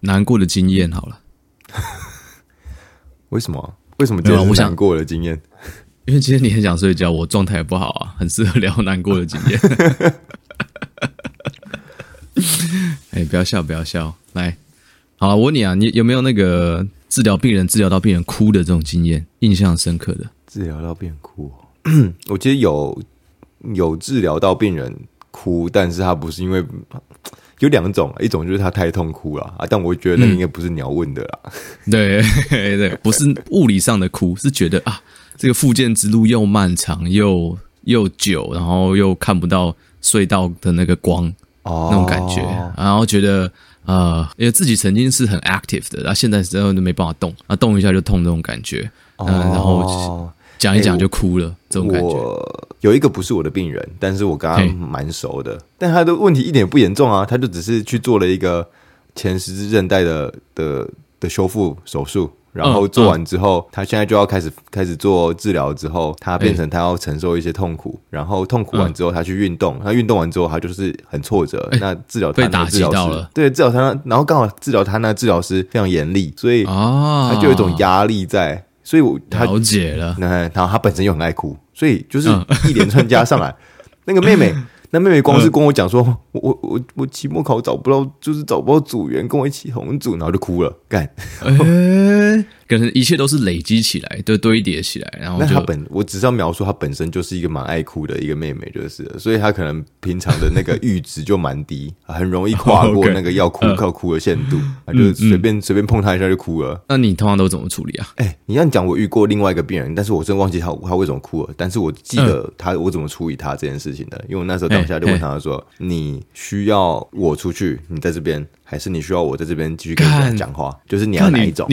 難過的經驗好了 為、啊，為什麼？為什麼？我想難過的經驗，因為其實你很想睡覺，我狀態也不好啊，很適合聊難過的經驗。哎、 欸，不要笑，不要笑，來，好了，我問你啊，你有沒有那個治療病人、治療到病人哭的這種經驗？印象深刻的治療到病人哭， 我其得我其實有有治療到病人哭，但是他不是因為。有兩種，一種就是他太痛苦了啊！但我覺得那個應該不是你要問的啦。嗯、對對，對，不是物理上的哭， 是覺得啊，這個復健之路又漫長又又久，然後又看不到隧道的那個光，oh. 那種感覺，然後覺得啊、呃，因為自己曾經是很 active 的，然、啊、後現在之後就沒辦法動，啊，動一下就痛那種感覺，oh. 嗯，然後。講一講就哭了，欸，我這種感覺。我有一個不是我的病人，但是我跟他蠻熟的。欸、但他的問題一點也不嚴重啊，他就只是去做了一個前十字韌帶的的的修復手術。然後做完之後，嗯、他現在就要開始，嗯、開始做治療。之後他變成他要承受一些痛苦。欸、然後痛苦完之後他，嗯，他去運動。他運動完之後，他就是很挫折。欸，那治療他那治療師被打擊到了。對，治療他那，然後剛好治療他那治療師非常嚴厲，所以他就有一種壓力在。啊所以我，他了解了。然後他本身又很愛哭，所以就是一連串加上來。嗯、 那個妹妹，那妹妹光是跟我講說。嗯我我我期末考找不到，就是找不到組員跟我一起同組，然後就哭了。幹，哎、欸， 可能一切都是累積起來，就堆疊起來。然後就那他本我只是要描述他本身就是一個蠻愛哭的一個妹妹，就是，所以他可能平常的那個閾值就蠻低， 很容易跨過那個要哭、okay. 要哭的限度，啊、嗯，就是隨便隨、嗯、便碰他一下就哭了。那你通常都怎麼處理啊？哎、欸，你這樣講，我遇過另外一個病人，但是我真忘記他他為什麼哭了，但是我記得他、嗯、我怎麼處理他這件事情的，因為我那時候當下就問他說：“欸欸、你。”需要我出去，你在這邊，還是你需要我在這邊繼續跟你講話？就是你要哪一種？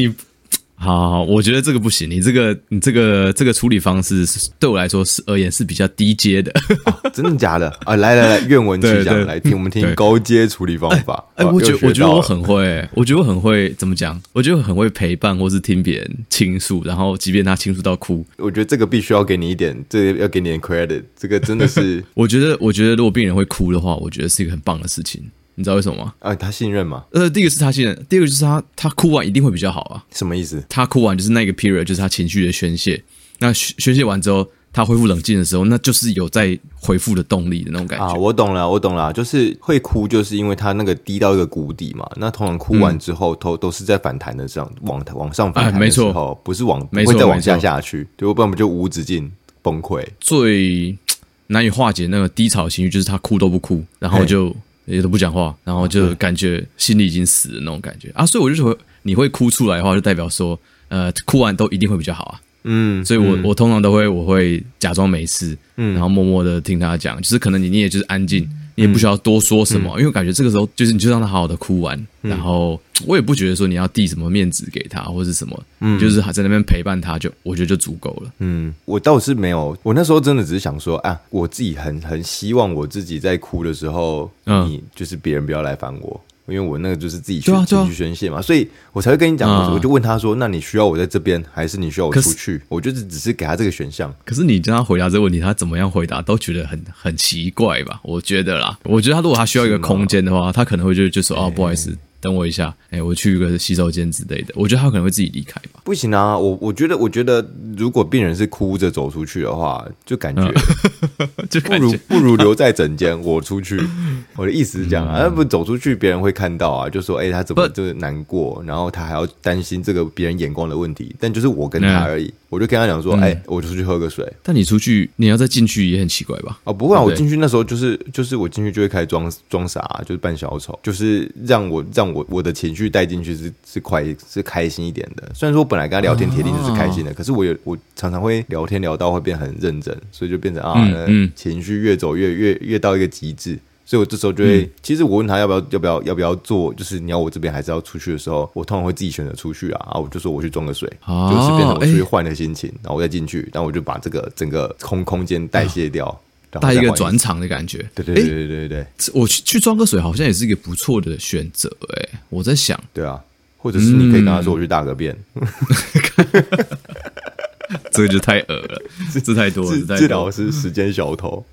好，好，我覺得這個不行。你這個，你這個，這個處理方式對我來說是而言是比較低階的、 哦。真的假的？啊，來來來，願聞其詳，來聽我們聽高階處理方法。哎，哎哦、我覺得我覺得我很會，我覺得我很會怎麼講？我覺得很會陪伴，或是聽別人傾訴，然後即便他傾訴到哭，我覺得這個必須要給你一點，這個、要給你點 credit。這個真的是， 我覺得，我覺得如果病人會哭的話，我覺得是一個很棒的事情。你知道為什麼嗎？啊、呃，他信任嘛。呃，第一個是他信任，第二個就是他，他哭完一定會比較好啊。什麼意思？他哭完就是那個 period 就是他情緒的宣洩，那宣洩完之後，他恢復冷靜的時候，那就是有在恢復的動力的那種感覺啊。我懂了，我懂了，就是會哭，就是因為他那個低到一個谷底嘛。那通常哭完之後，嗯、都都是在反彈的，這樣往往上反彈、哎。沒錯，不是往不會再往下下去，對，我不然我們就無止境崩潰。最難以化解那個低潮的情緒，就是他哭都不哭，然後就。也都不講話，然後就感覺心裡已經死了那種感覺、嗯、啊，所以我就說，你會哭出來的話，就代表說，呃，哭完都一定會比較好啊。嗯，所以我我通常都會，我會假裝沒事，然後默默的聽他講，嗯、就是可能你你也就是安靜。你也不需要多說什麼、嗯，因為感覺這個時候就是你就讓他好好的哭完，嗯、然後我也不覺得說你要遞什麼面子給他或者什麼，嗯、就是還在那邊陪伴他就，就我覺得就足夠了。嗯，我倒是沒有，我那時候真的只是想說啊，我自己很很希望我自己在哭的時候，嗯，就是別人不要來煩我。嗯因為我那個就是自己去自己去宣洩嘛，所以我才會跟你講、嗯，我就問他說：“那你需要我在這邊，還是你需要我出去？”我就是只，只是給他這個選項。可是你跟他回答這個問題，他怎麼樣回答都覺得很很奇怪吧？我覺得啦，我覺得他如果他需要一個空間的話，他可能會就就說：“哦、啊，不好意思。欸”等我一下，哎、欸，我去一個洗手間之類的。我覺得他可能會自己離開吧。不行啊，我我覺得我覺得，覺得如果病人是哭着走出去的話，就感覺就、嗯、不如， 就不如、不如留在診間。 我出去，我的意思是這樣啊，嗯、那不走出去別人會看到啊，就說哎、欸，他怎麼就是難過，然後他還要擔心這個別人眼光的問題。但就是我跟他而已，嗯、我就跟他講說，哎、欸，我就出去喝個水、嗯。但你出去，你要再進去也很奇怪吧？哦，不會、啊，我進去那時候就是就是我進去就會開始裝裝傻、啊，就是扮小丑，就是讓我讓。我我的情緒帶進去是是快是開心一點的，雖然說我本來跟他聊天鐵定就是開心的，可是我也，我常常會聊天聊到會變很認真，所以就變成啊情緒越走越越越到一個極致，所以我這時候就會，其實我問他要不要要不要要不要做，就是你要我這邊還是要出去的時候，我通常會自己選擇出去啊，然後我就說我去裝個水，就是變成我出去換的心情，然後我再進去，然後我就把這個整個空空間代謝掉。帶一個轉場的感覺，對對對對對對，對、欸，我去去裝個水好像也是一個不錯的選擇、欸，哎，我在想，對啊，或者是你可以跟他說我去大個便、嗯， 這個就太惡了，這太多了，治療師，是時間小偷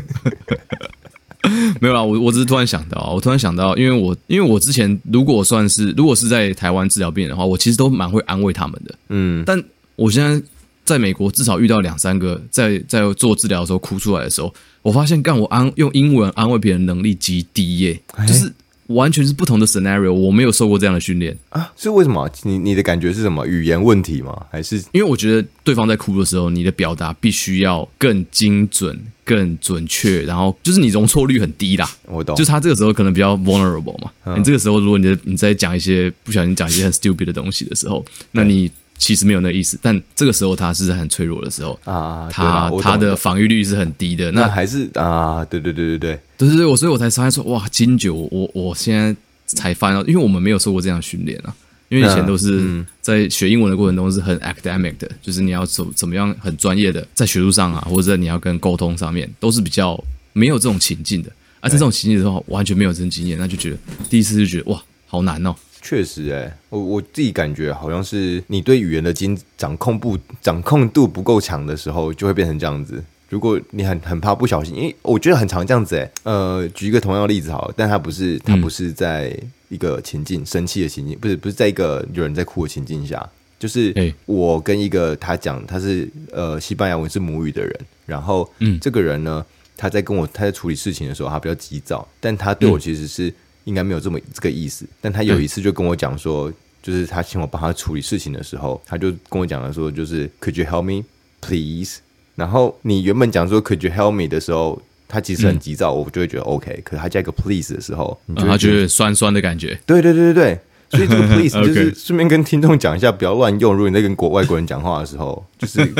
， 沒有啦，我我只是突然想到，我突然想到，因為我因為我之前如果算是如果是在台灣治療病人的話，我其實都蠻會安慰他們的，嗯，但我現在。在美國，至少遇到兩三個在在做治療的時候哭出來的時候，我發現幹我安用英文安慰別人能力極低耶、欸，就是完全是不同的 scenario，我沒有受過這樣的訓練啊。所以為什麼？你你的感覺是什麼？語言問題嗎？還是因為我覺得對方在哭的時候，你的表達必須要更精準、更準確，然後就是你容錯率很低啦。我懂，就是他這個時候可能比較 vulnerable 嘛。你這個時候如果你你在講一些不小心講一些很 stupid 的東西的時候，那你。其實沒有那個意思，但這個時候他是很脆弱的時候啊，他的他的防禦力是很低的。那、啊、還是啊，對對對對對，就是我，所以我才發現說，哇，金九，我我現在才發現，因為我們沒有受過這樣的訓練啊，因為以前都是在學英文的過程中是很 academic 的，嗯、就是你要怎怎麼樣很專業的，在學術上啊，或者你要跟溝通上面都是比較沒有這種情境的，而、啊、在這種情境的時候我完全沒有這種經驗，那就覺得第一次就覺得哇，好難哦。確實誒、欸，我我自己感覺好像是你對語言的精掌控不掌控度不夠強的時候，就會變成這樣子。如果你很很怕不小心，因、欸、為我覺得很常這樣子誒、欸，呃，舉一個同樣的例子好了，但他不是他不是在一個情境、嗯、生氣的情境，不是不是在一個有人在哭的情境下，就是我跟一個他講他是呃西班牙文是母語的人，然後嗯，這個人呢，他在跟我他在處理事情的時候，他比較急躁，但他對我其實是。嗯應該沒有這麼這個意思，但他有一次就跟我講說、嗯，就是他請我幫他處理事情的時候，他就跟我講了說，就是 Could you help me, please？然後你原本講說 Could you help me 的時候，他其實很急躁，嗯、我就會覺得 OK。可是他加一個 please 的時候，你就會覺得、嗯、他覺得酸酸的感覺？對對對對對，所以這個 please 就是順便跟聽眾講一下，不要亂用。 如果你在跟國外國人講話的時候，就是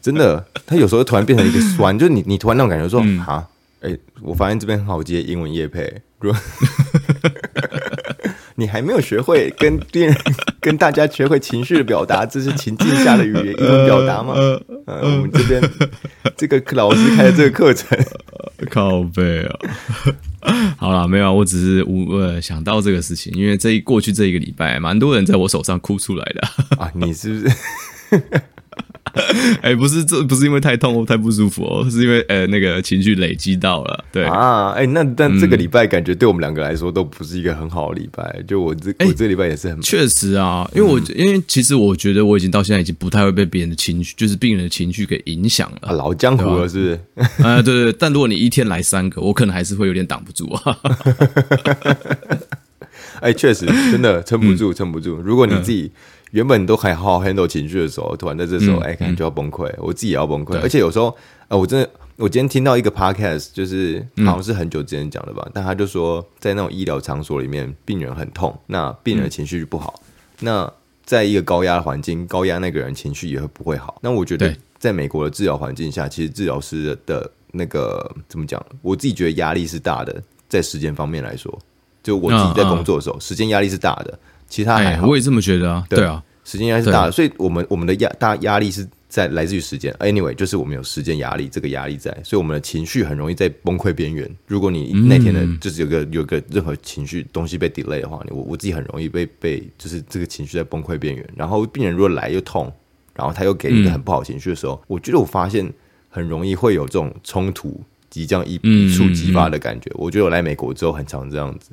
真的，他有時候突然變成一個酸， 就是你你突然那種感覺說啊，哎、嗯欸，我發現這邊很好接英文業配。 你還沒有學會跟人、跟大家學會情緒的表達，這是情境下的語言一種表達嗎、呃呃啊？我們這邊這個老師開的這個課程，靠北啊！ 好了，沒有、啊，我只是無、呃想到這個事情，因為這一過去這一個禮拜，蠻多人在我手上哭出來的啊， 啊你是不是？ 哎、欸，不是，這不是因為太痛、哦、太不舒服哦，是因為呃、欸，那個情緒累積到了。對啊，哎、欸，那但這個禮拜感覺對我們兩個來說都不是一個很好的禮拜。就我這，我這禮拜也是很確、欸、實啊，嗯、因為我因為其實我覺得我已經到現在已經不太會被別人的情緒，就是病人的情緒給影響了、啊。老江湖了，是不是？啊、呃，對對。但如果你一天來三個，我可能還是會有點擋不住啊、欸。哎，確實，真的撐不住，撐、嗯、不，不住。如果你自己。嗯原本都還好好 handle 情緒的時候，突然在這時候哎、嗯欸，可能就要崩潰、嗯。我自己也要崩潰，而且有時候，呃，我真的，我今天聽到一個 podcast，就是好像是很久之前講的吧、嗯，但他就說，在那種醫療場所裡面，病人很痛，那病人的情緒不好、嗯，那在一個高壓的環境，高壓那個人情緒也會不會好？那我覺得，在美國的治療環境下，其實治療師的那個怎麼講，我自己覺得壓力是大的，在時間方面來說，就我自己在工作的時候，哦哦時間壓力是大的。其他、欸、我也這麼覺得啊對。對啊，時間應該是大的，的、啊，所以我們我們的壓大壓力是在來自於時間。Anyway，就是我們有時間壓力，這個壓力在，所以我們的情緒很容易在崩潰邊緣。如果你那天的、嗯、就是有個有個任何情緒東西被 delay 的話，我我自己很容易被被就是這個情緒在崩潰邊緣。然後病人如果來又痛，然後他又給你一個很不好情緒的時候、嗯，我覺得我發現很容易會有這種衝突即將一觸即發的感覺嗯嗯嗯。我覺得我來美國之後很常這樣子。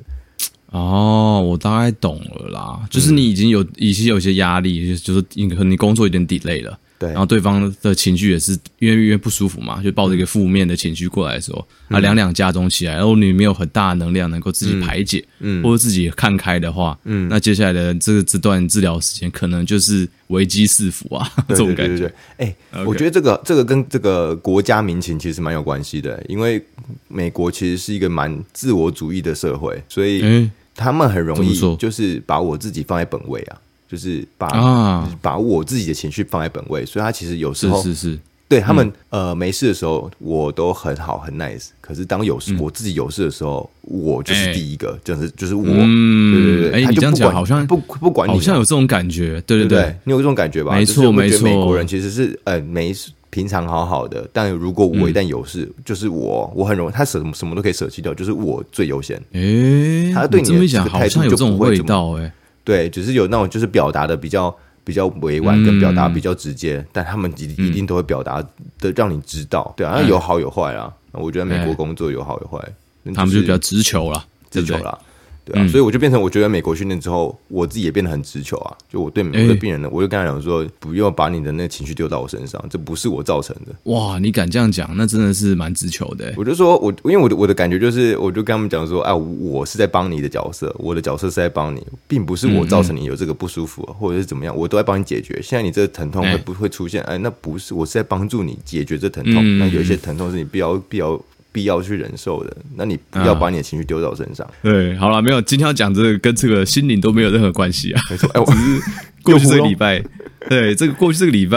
哦，我大概懂了啦，就是你已經有已經、嗯、有些壓力，就是你可能你工作有點 delay 了，對，然後對方的情緒也是因為，因為不舒服嘛，就抱着一個負面的情緒過來的時候，啊、嗯，然後兩兩加重起來，然後你沒有很大能量能夠自己排解嗯，嗯，或者自己看開的話，嗯，那接下來的這個這段治療時間可能就是危機四伏啊， 這種感覺。哎，欸 okay. 我覺得這個這個跟這個國家民情其實蠻有關係的，因為美國其實是一個蠻自我主義的社會，所以。欸他們很容易就是把我自己放在本位啊，就是把、啊就是、把我自己的情緒放在本位，所以他其實有時候是是，是對、嗯、他們呃沒事的時候我都很好很 nice，可是當有事、嗯、我自己有事的時候，我就是第一個，欸、就是就是我、嗯，對對對，欸、他就不管、欸、你這樣講好像不不，不管你、啊，你好像有這種感覺。對對對，對對對，你有這種感覺吧？沒錯，沒錯，美國人其實是呃沒事。平常好好的，但如果我一旦有事，嗯、就是我，我很容易，他捨什麼，什麼都可以捨棄掉，就是我最優先。誒、欸，他對你的，你這麼一講，態度就不會這麼，好像有這種味道誒、欸。對，只、就是有那種就是表達的比較比較委婉，跟表達比較直接，嗯、但他們一定都會表達的讓你知道。嗯、對啊，有好有壞啊、嗯。我覺得美國工作有好有壞、欸就是，他們就比較直球了，直球了。對對啊、嗯，所以我就變成我覺得美國訓練之後，我自己也變得很直球啊。就我對美國的病人呢，欸、我就跟他講說，不要把你的那個情緒丟到我身上，這不是我造成的。哇，你敢這樣講，那真的是蠻直球的、欸。我就說我，因為我的我的感覺就是，我就跟他們講說，哎、啊，我是在幫你的角色，我的角色是在幫你，並不是我造成你有這個不舒服、啊、嗯嗯或者是怎麼樣，我都在幫你解決。現在你這個疼痛會不會出現？欸、哎，那不是我是在幫助你解決這疼痛。那、嗯嗯、有一些疼痛是你必要必要。必要去忍受的，那你不要把你的情緒丟到我身上。啊、對，好了，沒有，今天要講這個跟這個心靈都沒有任何關係啊。沒錯，哎，我只是過去這個禮拜，對，這個過去這個禮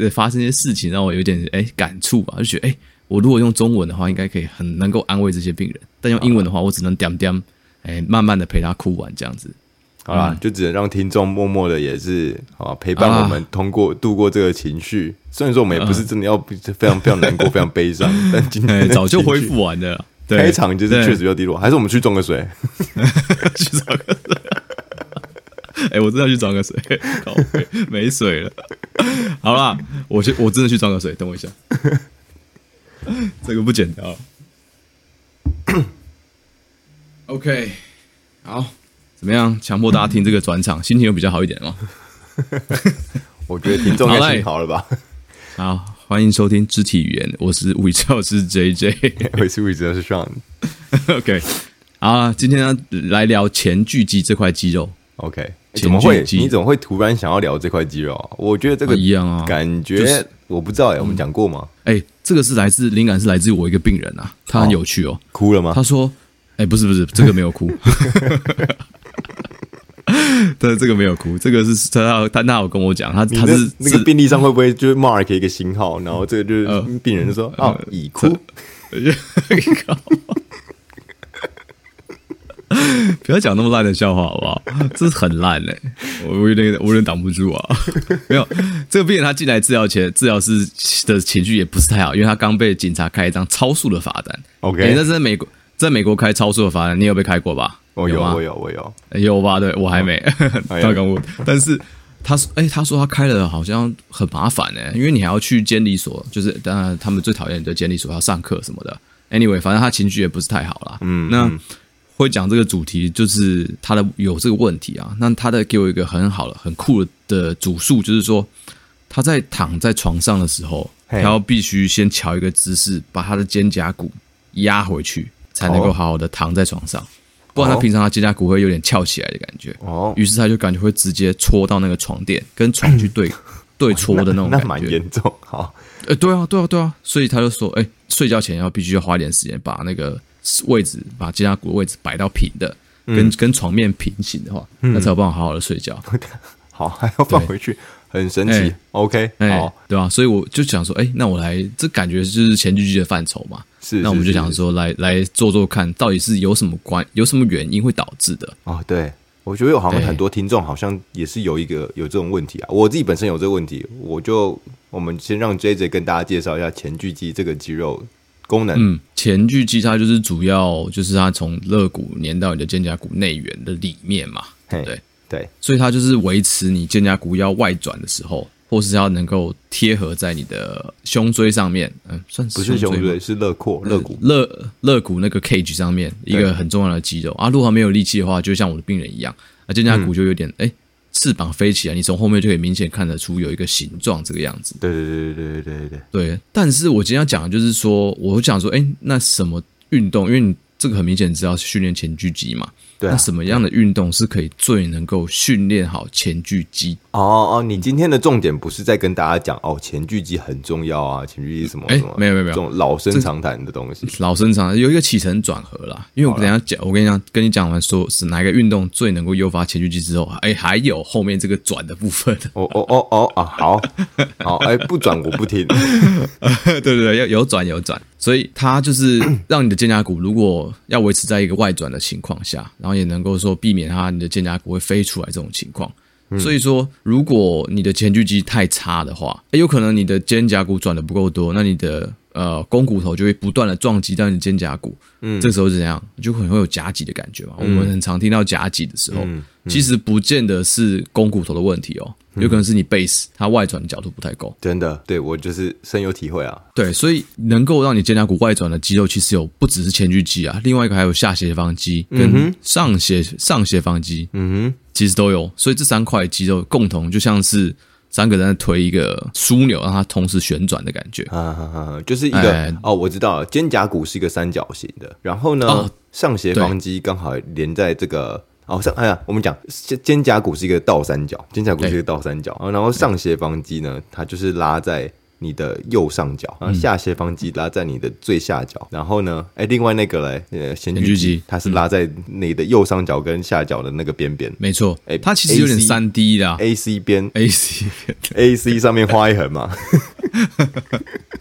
拜發生一些事情，讓我有點哎感觸吧，就覺得哎，我如果用中文的話，應該可以很能夠安慰這些病人，但用英文的話，我只能點點哎，慢慢的陪他哭完這樣子。好啦、嗯，就只能讓聽眾默默的也是啊，陪伴我們通過、啊、度過這個情緒。雖然說我們也不是真的要非常非常難過、嗯、非常悲傷， 但今天早就恢復完了對。開場就是確實比較低落，還是我們去裝個水？ 去裝個水？哎、 欸，我真的要去裝個水！靠， 沒水了。好啦，我去，我真的去裝個水。等我一下， 這個不剪掉了。 OK，好。怎麼樣？強迫大家聽這個轉場、嗯，心情會比較好一點嗎？ 我覺得聽眾應挺好，好了吧。好，歡迎收聽肢體語言，我是物理治療師 JJ，我是物理治療師 Sean。 OK，啊，今天要來聊前鋸肌這塊肌肉。OK，、欸、怎麼會前鋸肌？你怎麼會突然想要聊這塊肌肉？我覺得這個一樣啊。感、就、覺、是、我不知道哎，我們講過嗎？哎、嗯，欸，這個是來自靈感，是來自於我一個病人啊，他很有趣哦。哦哭了嗎？他說，哎、欸，不是，不是，這個沒有哭。 對，這個沒有哭，這個是他他那有跟我講，他他是那個病歷上會不會就是 mark 一個星號、嗯，然後這個就是病人就說、嗯、哦已哭， 不要講那麼爛的笑話好不好？這是很爛的、欸、我有點我有點擋不住啊。沒有，這個病人他進來治療前，治療師的情緒也不是太好，因為他剛被警察開一張超速的罰單。OK，那、欸、在美國在美國開超速的罰單，你有被開過吧？我、oh, 有啊，我有，我有，有吧？對，我還沒大感悟。Oh. Oh, yeah. 但是他說，哎、欸，他說他開了，好像很麻煩呢、欸，因為你還要去監理所，就是當然他們最討厭的監理所要上課什麼的。Anyway，反正他情緒也不是太好啦。嗯，那嗯會講這個主題，就是他的有這個問題啊。那他的給我一個很好的、很酷的主訴，就是說他在躺在床上的時候，hey. 他要必須先喬一個姿勢，把他的肩胛骨壓回去，才能夠好好的躺在床上。Oh. 不然他平常他肩胛骨會有點翹起來的感覺，哦、oh.，於是他就感覺會直接戳到那個床墊跟床去，對、嗯、對戳的那種感覺，那，那蠻嚴重。好、欸，對啊，對啊，對啊，所以他就說，哎、欸，睡覺前要必須要花一點時間把那個位置，把肩胛骨的位置擺到平的，嗯、跟跟床面平行的話、嗯，那才有辦法好好的睡覺。 好，還要放回去，很神奇。欸、OK，好、欸，對啊，所以我就想說，哎、欸，那我來，這感覺就是前鋸肌的範疇嘛。是，是，那我們就想說來來做做看，到底是有什麼關有什麼原因會導致的啊？哦，對，我覺得我好像很多聽眾好像也是有一個有這種問題啊。我自己本身有這個問題，我就我們先讓 JJ 跟大家介紹一下前鋸肌這個肌肉功能。嗯，前鋸肌它就是主要就是它從肋骨粘到你的肩胛骨內緣的裡面嘛，對對，所以它就是維持你肩胛骨要外轉的時候。或是要能夠貼合在你的胸椎上面，嗯，算是胸椎，不是胸椎，是肋廓、肋骨、嗯、肋肋骨那個 cage 上面一個很重要的肌肉啊。如果沒有力氣的話，就像我的病人一樣，啊，肩胛骨就有點，哎、嗯，翅膀飛起來，你從後面就可以明顯看得出有一個形狀這個樣子。對對對對對對對對。對，但是我今天要講的就是說，我想說，哎，那什麼運動？因為你這個很明顯知道是訓練前鋸肌嘛。對啊、那什麼樣的運動是可以最能夠訓練好前鋸肌？哦哦，你今天的重點不是在跟大家講哦，前鋸肌很重要啊，前鋸肌什麼什麼？哎、欸，沒有沒有沒有，這種老生常談的東西。這個、老生常談，有一個起承轉合啦，因為我等下講，我跟你講，跟你講完說是哪一個運動最能夠誘發前鋸肌之後，哎、欸，還有後面這個轉的部分。哦哦哦哦哦，好、哦啊、好，哎、欸，不轉我不聽。 對對對，要有轉有轉。所以它就是讓你的肩胛骨，如果要維持在一個外轉的情況下，然後也能夠說避免它你的肩胛骨會飛出來這種情況。嗯、所以說，如果你的前鋸肌太差的話、欸，有可能你的肩胛骨轉的不夠多，那你的。呃，肱骨頭就會不斷地撞擊到你肩胛骨，嗯，這個、時候是怎樣，就很會有夾擠的感覺嘛、嗯。我們很常聽到夾擠的時候、嗯嗯，其實不見得是肱骨頭的問題哦，嗯、有可能是你 base 它外轉的角度不太夠。真的，對，我就是深有體會啊。對，所以能夠讓你肩胛骨外轉的肌肉其實有不只是前鋸肌啊，另外一個還有下斜方肌跟上斜上斜方肌，嗯哼，其實都有。所以這三塊肌肉共同就像是。三個人在推一個樞紐，讓它同時旋轉的感覺、啊啊啊，就是一個、哎、哦，我知道了，肩胛骨是一個三角形的，然後呢，哦、上斜方肌剛好連在這個，哦，上，哎呀，我們講肩肩胛骨是一個倒三角，肩胛骨是一個倒三角，哦、然後上斜方肌呢，它就是拉在。你的右上角，然、啊、後下斜方肌拉在你的最下角，嗯、然後呢，哎、欸，另外那個嘞，呃，前鋸肌它是拉在你的右上角跟下角的那個邊邊，沒錯，哎、欸，它其實有點三 D 啦，AC 邊，AC，AC AC AC 上面畫一橫嘛。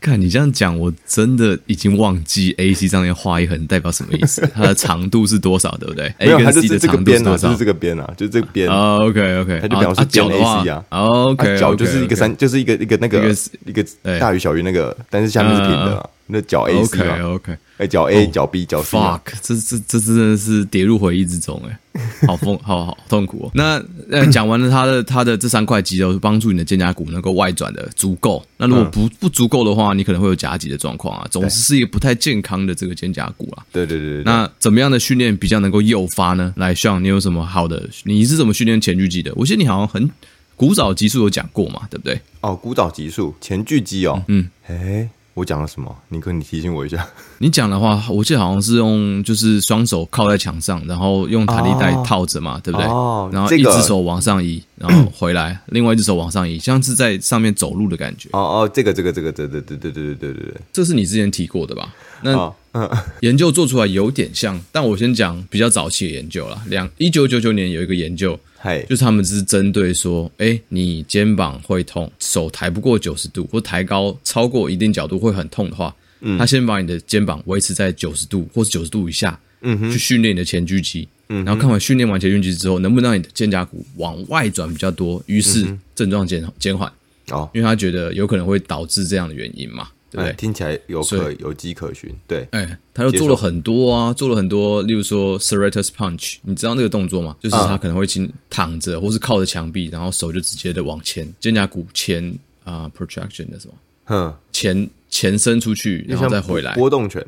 看你這樣講，我真的已經忘記 AC 上面畫一橫代表什麼意思，它的長度是多少，對不對 ？AC 的長度是多少？這個邊啊、就是啊，啊，就是、啊，啊，就這個邊、啊。OK OK，它就表示角 AC 啊，啊，OK，角、啊、就是一個三，啊、okay, okay, 就是一個，okay, okay, 是一，個一個那個 okay, okay, 一個大於小於那個 okay，但是下面是平的、啊。Uh, 那腳 A，OK OK，哎、okay. 欸，角 A，腳、oh, B，腳 C，fuck，這這這真的是跌入回憶之中哎、欸，好瘋， 好好，好痛苦哦、喔。那講、欸、完了他的他的這三塊肌肉，幫助你的肩胛骨能夠外轉的足夠。那如果不、嗯、不足夠的話，你可能會有夾擠的狀況啊，總是是一個不太健康的這個肩胛骨啊。對對對對，對那。那怎麼樣的訓練比較能夠誘發呢？來，Sean，你有什麼好的？你是怎麼訓練前鋸肌的？我記得你好像很古早集數有講過嘛，對不對？哦，古早集數前鋸肌哦，嗯，哎。我講了什麼？你可以提醒我一下。你講的話，我記得好像是用，就是雙手靠在牆上，然後用彈力帶套着嘛，哦、對不對？然後一隻手往上移，哦這個，然後回來，另外一隻手往上移，像是在上面走路的感覺。哦哦，這個這個這個，對對對對對對對對對，這是你之前提過的吧？那，哦嗯、研究做出來有點像，但我先講比較早期的研究了。兩一九九九年有一個研究。Hey. 就是他們只是針對說，誒、欸、你肩膀會痛，手抬不過九十度，或抬高超過一定角度會很痛的話，嗯，他先把你的肩膀維持在九十度或是九十度以下，嗯哼，去訓練你的前鋸肌，嗯，然後看完訓練完前鋸肌之後，能不能讓你的肩胛骨往外轉比較多，於是症狀減減緩，哦、嗯，因為他覺得有可能會導致這樣的原因嘛。對，對，聽起來有可有跡可循，對。哎，他又做了很多啊、嗯，做了很多，例如說 serratus punch，你知道那個動作嗎？就是他可能會先躺着、嗯、或是靠着牆壁，然後手就直接的往前肩胛骨，前啊、uh，protraction 的什麼，嗯，前前伸出去，然後再回來，波動拳，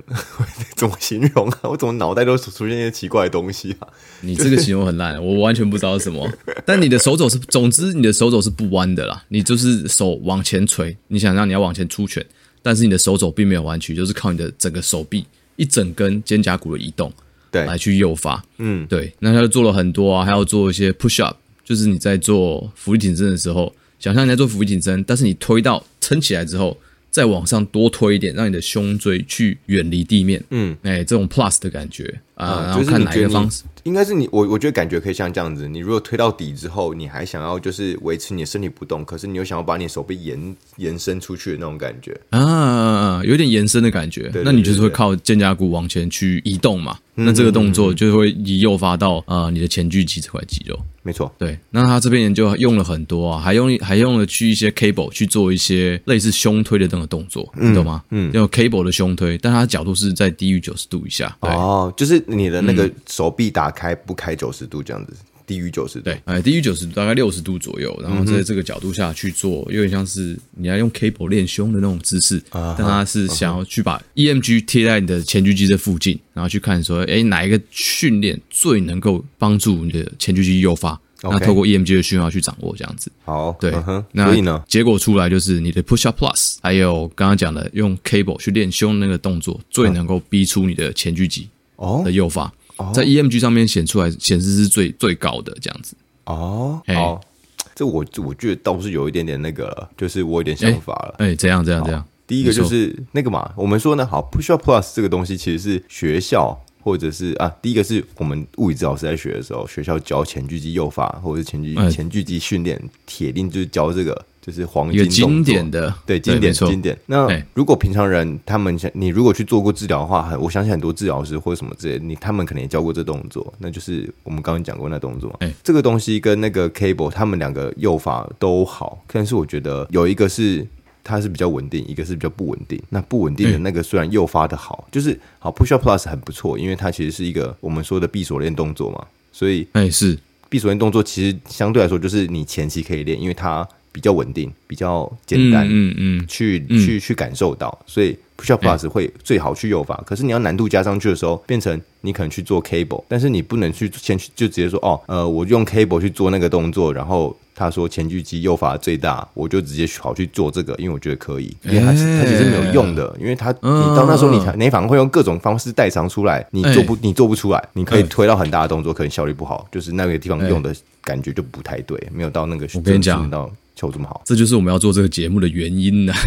怎麼形容啊？我怎麼腦袋都出現一些奇怪的東西啊？你這個形容很爛，就是，我完全不知道是什麼。 但你的手肘是，總之你的手肘是不彎的啦，你就是手往前捶，你想讓你要往前出拳。但是你的手肘並沒有彎曲，就是靠你的整個手臂一整根肩胛骨的移動，對，來去誘發，嗯，對，那他就做了很多啊，還要做一些 push up，就是你在做伏地挺身的時候，想象你在做伏地挺身，但是你推到撐起來之後，再往上多推一點，讓你的胸椎去遠離地面，嗯，哎、欸，這種 plus 的感覺。啊、嗯，然後就是你覺得你哪個方式。應該是你我我覺得感覺可以像這樣子，你如果推到底之後，你還想要就是維持你的身體不動，可是你又想要把你手臂延延伸出去的那種感覺啊，有點延伸的感覺。對對對，那你就是會靠肩胛骨往前去移動嘛。對對對，那這個動作就會以誘發到啊、嗯嗯嗯呃、你的前鋸肌這塊肌肉，沒錯。對，那他這邊也就用了很多啊，還用還用了去一些 cable 去做一些類似胸推的這種動作，嗯，你懂嗎？嗯，用 cable 的胸推，但它的角度是在低於九十度以下對。哦，就是。你的那個手臂，打開不開九十度這樣子，嗯、低於九十度，對，哎，低於九十度，大概六十度左右，然後在這個角度下去做，嗯、有點像是你要用 cable 練胸的那種姿勢，uh -huh, 但他是想要去把 EMG 貼在你的前鋸肌的附近，然後去看說，哎、欸，哪一個訓練最能夠幫助你的前鋸肌誘發？Okay. 那透過 EMG 的訓練要去掌握這樣子。好，對，uh -huh, 那結果出來就是你的 push up plus，還有剛剛講的用 cable 去練胸那個動作，最能夠逼出你的前鋸肌。哦、oh?，的誘發在 EMG 上面顯出來，顯示是最最高的這樣子、oh? hey. 哦。哎，這我我覺得倒是有一點點那個了，就是我有點想法了。哎、欸，怎、欸、樣怎樣怎樣？第一個就是那個嘛，我們說呢，好，Push up Plus 這個東西，其實是學校或者是啊，第一個是我們物理治療師在學的時候，學校教前鋸肌誘發或者是前鋸、欸、前鋸肌訓練，鐵定就是教這個。就是黃金經典的對經典對經典。那如果平常人他們想你如果去做過治療的話、欸，我想起很多治療師或者什麼之類的，你他們可能也教過這動作，那就是我們剛剛講過那動作嘛、欸。這個東西跟那個 cable，他們兩個誘發都好，但是我覺得有一個是它是比較穩定，一個是比較不穩定。那不穩定的那個雖然誘發的好，嗯、就是好 push up plus 很不錯，因為它其實是一個我們說的閉鎖鏈動作嘛，所以哎、欸、是閉鎖鏈動作其實相對來說就是你前期可以練，因為它。比較穩定，比較簡單，嗯嗯，嗯，去嗯去去感受到，嗯、所以 push up plus 會最好去誘發、嗯、可是你要難度加上去的時候，變成你可能去做 cable，但是你不能去前去就直接說哦，呃，我用 cable 去做那個動作，然後他說前鋸肌誘發最大，我就直接好去做這個，因為我覺得可以，因為它、欸、它其實沒有用的，因為它、欸、你到那時候你你反而會用各種方式代償出來，你做不你做不出來、欸，你可以推到很大的動作、欸，可能效率不好，就是那個地方用的感覺就不太對，欸、沒有到那個我跟你講到。就這麼好，這就是我們要做這個節目的原因呢、啊。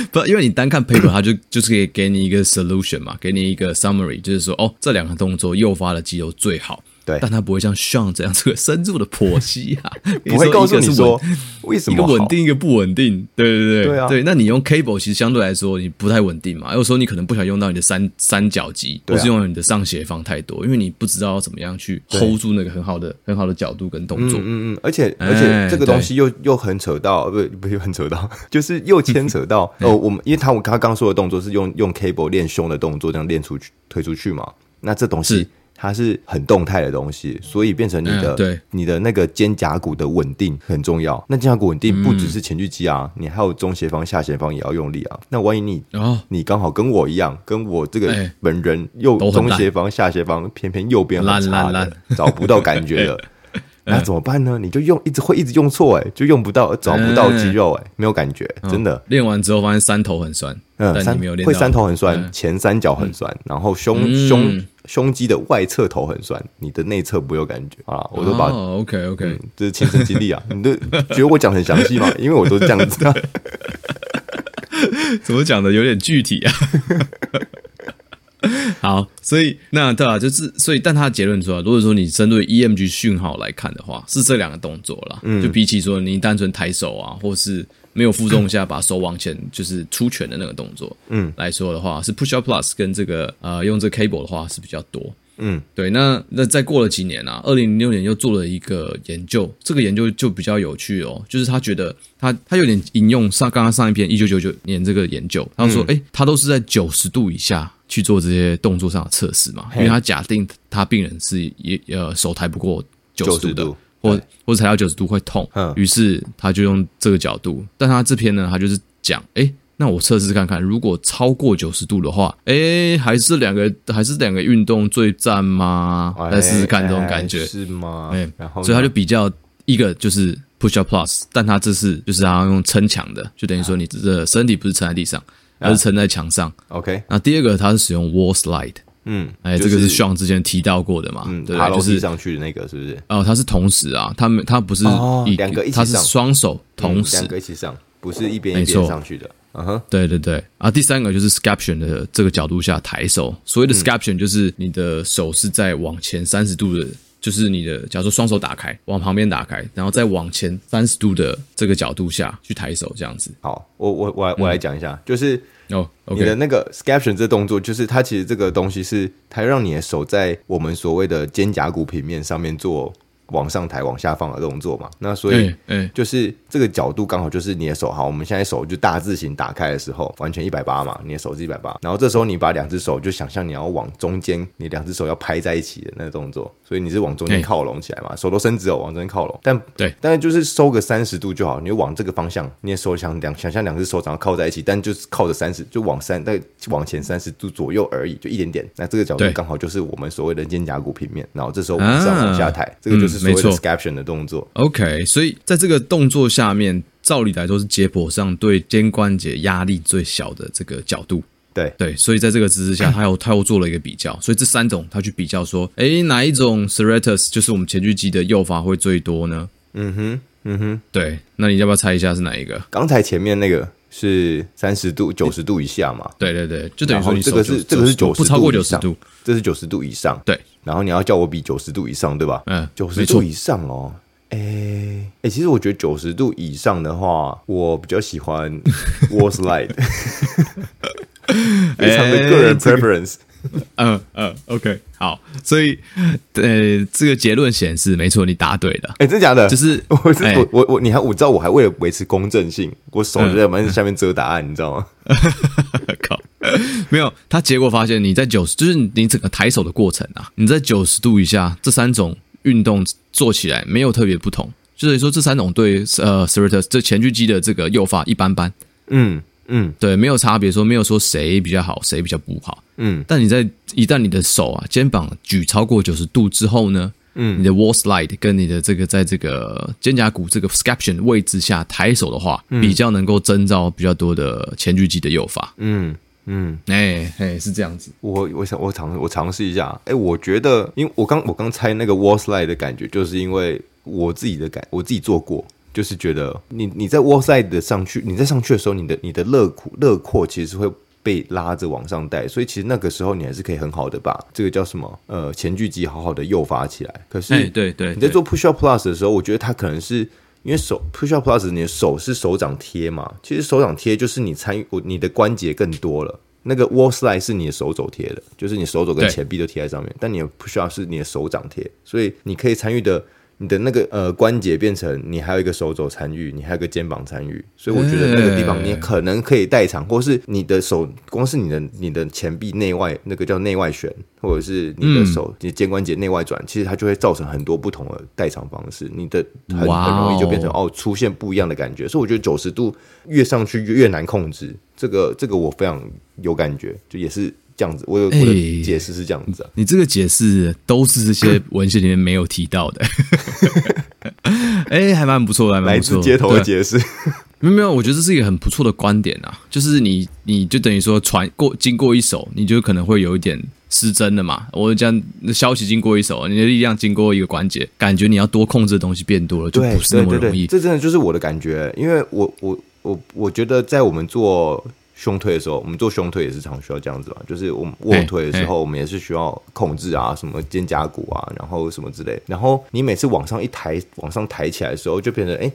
不，因為你單看 paper，它就就是可以給你一個 solution 嘛，給你一個 summary，就是說，哦，這兩個動作誘發了肌肉最好。但它不會像 Sean 這樣這個深入的剖析啊， 不會告訴你說，為什麼一個穩定一個不穩定，對對對對啊，對，那你用 cable 其實相對來說你不太穩定嘛，有時候你可能不想用到你的三三角肌，或是用到你的上斜方太多，因為你不知道要怎麼樣去 hold 住那個很好的很好的角度跟動作，嗯嗯，而且而且這個東西又又很扯到，不不又很扯到，就是又牽扯到、 嗯、哦，我們因為他我剛剛說的動作是用用 cable 練胸的動作這樣練出去推出去嘛，那這東西。它是很動態的東西，所以變成你的、嗯、你的那個肩胛骨的穩定很重要。那肩胛骨穩定不只是前鋸肌啊、嗯，你還有中斜方、下斜方也要用力啊。那萬一你、哦、你剛好跟我一樣，跟我這個本人右、欸、中斜方、下斜方，偏偏右邊拉爛了，找不到感覺了，那、 欸啊、怎麼辦呢？你就用一直會一直用錯，哎，就用不到，找不到肌肉、欸，哎、欸，沒有感覺，哦、真的。練完之後發現三頭很酸，嗯，三沒有練到，會三頭很酸，嗯、前三角很酸、嗯，然後胸、嗯、胸。胸肌的外側頭很酸，你的內側不會有感覺啊！我都把、oh，OK OK，這、嗯就是親身經歷啊！你就覺得我講很詳細嗎？ 因為我都是這樣子、啊， 怎麼講的有點具體啊？ 好，所以那對啊，就是所以，但他的結論出來，如果說你針對 EMG 訊號來看的話，是這兩個動作了、嗯。就比起說你單純抬手啊，或是。沒有負重下把手往前，就是出拳的那個動作，嗯，來說的話是 push up plus 跟這個呃用這個 cable 的話是比較多，嗯，對。那那再過了幾年啊，二零零六年又做了一個研究，這個研究就比較有趣哦，就是他覺得他他有點引用上剛剛上一篇一九九九年這個研究，他說，嗯，誒他都是在九十度以下去做這些動作上的測試嘛，因為他假定他病人是也呃手抬不過九十度的。或或踩到九十度會痛，於是他就用這個角度。但他這篇呢，他就是講，誒、欸，那我測試看看，如果超過九十度的話，誒、欸，還是兩個還是兩個運動最讚嗎？來試試看這種感覺、欸欸、是嗎？欸、然後所以他就比較一個就是 push up plus，但他這是就是他用撐牆的，就等於說你的身體不是撐在地上，而是撐在牆上。OK，、啊、那第二個他是使用 wall slide。嗯，哎、欸就是，這個是 Sean 之前提到過的嘛？嗯，對，對，就是上去的那個，是不是？哦，他是同時啊，他們他不是一、哦、兩個一起上，他是雙手、嗯、同時兩個一起上，不是一邊一邊上去的。啊哈，對對對啊，第三個就是 Scaption 的這個角度下抬手，所謂的 Scaption、嗯、就是你的手是在往前三十度的。就是你的，假如說雙手打開，往旁邊打開，然後再往前三十度的這個角度下去抬手，這樣子。好，我我我我來講、嗯、一下，就是哦，你的那個 scaption、嗯、這個、動作，就是它其實這個東西是它讓你的手在我們所謂的肩胛骨平面上面做。往上抬、往下放的動作嘛，那所以，就是這個角度剛好就是你的手哈，我們現在手就大字形打開的時候，完全一百八嘛，你的手是一百八，然後這時候你把兩只手就想象你要往中間，你兩只手要拍在一起的那個動作，所以你是往中間靠攏起來嘛，欸、手都伸直了、哦，往中間靠攏，但對，但是就是收個三十度就好，你就往這個方向，你的手想兩想象兩只手掌靠在一起，但就是靠着三十，就往三、再往前三十度左右而已，就一點點，那這個角度剛好就是我們所謂的肩胛骨平面，然後這時候往上、啊、往下抬，這個就是。沒錯，scaption 的，的動作。OK，所以在這個動作下面，照理來說是解剖上對肩關節壓力最小的這個角度。對對，所以在這個姿勢下， 他又他又做了一個比較，所以這三種他去比較說，誒、欸，哪一種 serratus 就是我們前鋸肌的誘發會最多呢？嗯哼，嗯哼，對。那你要不要猜一下是哪一個？剛才前面那個是三十度、九十度以下嘛？對對對，就等於說你這個是九十，這個是九十度，不超過九十度，這是九十度以上。對。然後你要叫我比九十度以上，對吧？嗯，九十度以上哦。哎、欸、哎、欸，其實我覺得九十度以上的話，我比較喜歡 wall slide。 非常的個人、欸、preference。這個、 嗯嗯，OK，好。所以，呃，這個結論顯示沒錯，你答對了。哎、欸，真的假的？就是我是、欸、我我你還我知道我還為了維持公正性，我手在門下面遮答案，嗯嗯、你知道嗎？ 靠！沒有，他結果發現你在九十，就是你整個抬手的過程啊，你在九十度以下，這三種運動做起來沒有特別不同，就是說這三種對呃 serratus 這前鋸肌的這個誘發一般般，嗯嗯，對，沒有差別說，說沒有說誰比較好，誰比較不好，嗯，但你在一旦你的手啊肩膀舉超過九十度之後呢，嗯，你的 wall slide 跟你的這個在這個肩胛骨這個 scaption 位置下抬手的話，比較能夠徵召比較多的前鋸肌的誘發，嗯。嗯嗯，哎、欸、嘿、欸，是這樣子。我我想我嘗我嘗試一下。哎、欸，我覺得，因為我剛我剛猜那個 Wall Slide 的感覺，就是因為我自己的感，我自己做過，就是覺得你你在 Wall Slide 的上去，你在上去的時候你的，你的你的樂苦樂闊其實會被拉着往上帶，所以其實那個時候你還是可以很好的把這個叫什麼呃前鋸肌好好的誘發起來。可是對對，你在做 Push Up Plus 的時候、欸，我覺得它可能是。因為手 pushup plus 你的手是手掌貼嘛，其實手掌貼就是你參與你的關節更多了。那個 wall slide 是你的手肘貼的，就是你手肘跟前臂都貼在上面，但你的 push up 是你的手掌貼，所以你可以參與的。你的那個呃關節變成，你還有一個手肘參與，你還有個肩膀參與，所以我覺得那個地方你可能可以代償，欸、或是你的手光是你的你的前臂內外那個叫內外旋，或者是你的手、嗯、你的肩關節內外轉，其實它就會造成很多不同的代償方式，你的很很容易就變成哦，哦出現不一樣的感覺，所以我覺得九十度越上去越，越難控制，這個這個我非常有感覺，就也是。這樣子，我的、欸、我的解釋是這樣子、啊。你這個解釋都是這些文獻裡面沒有提到的。哎、 欸，還蠻不錯的，還蠻不錯的，來自街頭的解釋。沒有沒有，我覺得這是一個很不錯的觀點啊。就是你，你就等於說傳過經過一手，你就可能會有一點失真的嘛。我這樣的消息經過一手，你的力量經過一個關節，感覺你要多控制的東西變多了，就不是那麼容易，對對對對。這真的就是我的感覺，因為我我我我覺得在我們做。胸推的時候，我們做胸推也是常需要這樣子吧，就是我們臥推的時候，我們也是需要控制啊，嘿嘿什麼肩胛骨啊，然後什麼之類。然後你每次往上一抬，往上抬起來的時候，就變得哎、欸，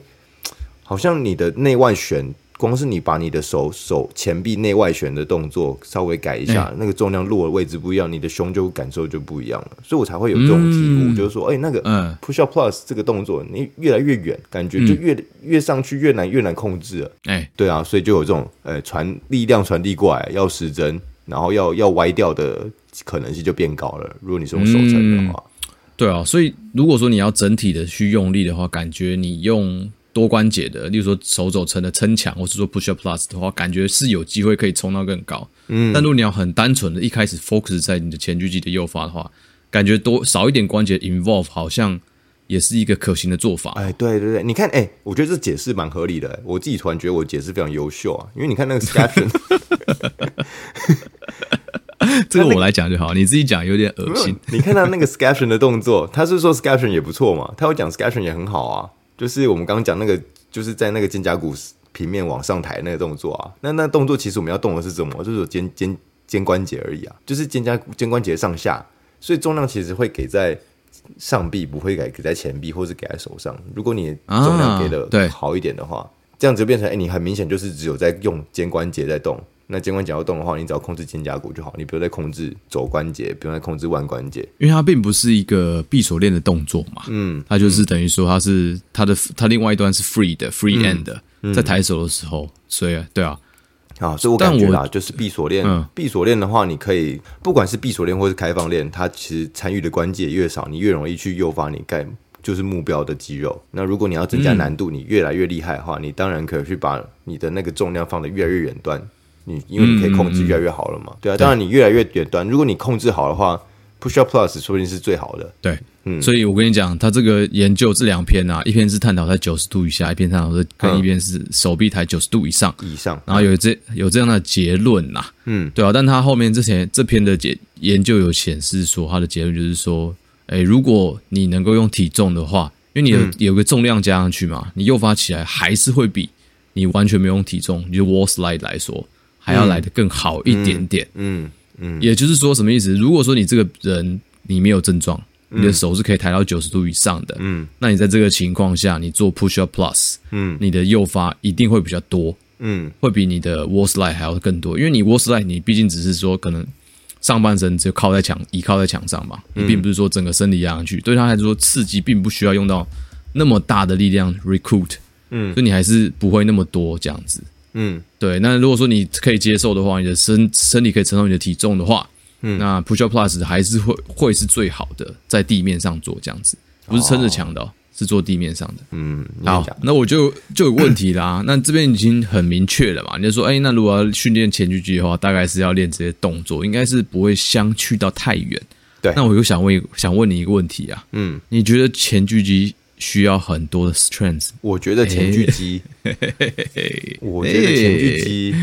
好像你的內外旋。光是你把你的手手前臂內外旋的動作稍微改一下、欸，那個重量落的位置不一樣，你的胸就感受就不一樣了。所以我才會有這種體悟、嗯、就是說，哎、欸，那個 push up plus 這個動作，你越來越遠，感覺就越、嗯、越上去越難，越難控制了。哎、欸，對啊，所以就有這種，呃、欸，傳力量傳遞過來要失真，然後要要歪掉的可能性就變高了。如果你是用手撐的話，嗯、對啊、哦，所以如果說你要整體的去用力的話，感覺你用。多關節的，例如說手肘撐的撐牆，或是說 push up plus 的話，感覺是有機會可以衝到更高。嗯，但如果你要很單純的，一開始 focus 在你的前鋸肌的誘發的話，感覺多少一點關節 involve 好像也是一個可行的做法。哎，對對對，你看，哎，我覺得這解釋蠻合理的。我自己突然覺得我解釋非常優秀啊，因為你看那個 scaption， 這個我來講就好，你自己講有點噁心。你看他那個 scaption 的動作，他是說 scaption 也不錯嘛，他有講 scaption 也很好啊。就是我們剛剛講那個，就是在那個肩胛骨平面往上抬那個動作啊，那那動作其實我們要動的是什麼？就是肩肩肩關節而已啊，就是肩胛肩關節上下，所以重量其實會給在上臂，不會給給在前臂或是給在手上。如果你重量給的好一點的話，啊、這樣子變成哎、欸，你很明顯就是只有在用肩關節在動。那肩關節要動的話，你只要控制肩胛骨就好。你不用再控制肘關節，不用再控制腕關節，因為它並不是一個閉鎖鏈的動作嘛。嗯，它就是等於說它是它的它另外一端是 free 的 free end，的、嗯、在抬手的時候，所以對啊，啊，所以我感覺啊，就是閉鎖鏈，閉鎖鏈的話，你可以不管是閉鎖鏈或是開放鏈，它其實參與的關節越少，你越容易去誘發你幹就是目標的肌肉。那如果你要增加難度，你越來越厲害的話、嗯，你當然可以去把你的那個重量放得越來越遠端。你因為你可以控制越來越好了嘛？對啊、嗯，嗯、當然你越來越遠端，如果你控制好的話，push up plus 說不定是最好的。對，嗯，所以我跟你講，他這個研究這兩篇啊，一篇是探討在九十度以下，一篇探討在，跟一篇是手臂抬九十度以上以上，然後有這有這樣的結論吶，嗯，對啊，但他後面之前這篇的結研究有顯示說，他的結論就是說，哎，如果你能夠用體重的話，因為你有有個重量加上去嘛，你誘發起來還是會比你完全沒有用體重，你就 wall slide 來說。還要來的更好一點點，嗯嗯，也就是說什麼意思？如果說你這個人你沒有症狀，你的手是可以抬到九十度以上的，嗯，那你在這個情況下，你做 push up plus，嗯，你的誘發一定會比較多，嗯，會比你的 wall slide 還要更多，因為你 wall slide，你畢竟只是說可能上半身只有靠在牆倚靠在牆上嘛，你並不是說整個身體壓上去，對他來說刺激並不需要用到那麼大的力量 recruit，嗯，所以你還是不會那麼多這樣子。嗯，對，那如果說你可以接受的話，你的身身體可以承受你的體重的話，嗯，那 push up plus 還是會會是最好的，在地面上做這樣子，不是撐着牆的，喔，哦，是坐地面上的。嗯，好，那我就就有問題啦。 那這邊已經很明確了嘛。你就說，哎、欸，那如果要訓練前鋸肌的話，大概是要練這些動作，應該是不會相去到太遠。對，那我又想問想問你一個問題啊，嗯，你覺得前鋸肌需要很多的 strength，我覺得前鋸肌嘿嘿、欸，我覺得前鋸肌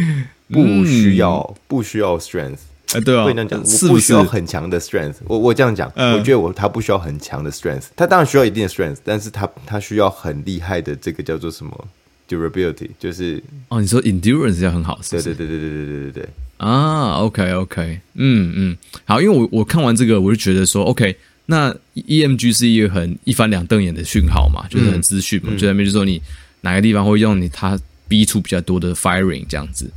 不需要、欸不，需要嗯、不需要 strength，欸、對啊，是是，我不需要很強的 strength，我我這樣講、呃，我覺得我他不需要很強的 strength，他當然需要一定的 strength，但是他他需要很厲害的這個叫做什麼 durability，就是哦，你說 endurance 要很好是是，對對對對對對對對對，對，對，對，對啊，OK OK，嗯嗯，好，因為我我看完這個我就覺得說 OK。那 EMG 是一個很一翻兩瞪眼的訊號嘛，就是很資訊嘛、嗯嗯，就在那邊說你哪個地方會用你它逼出比較多的 firing 這樣子。嗯、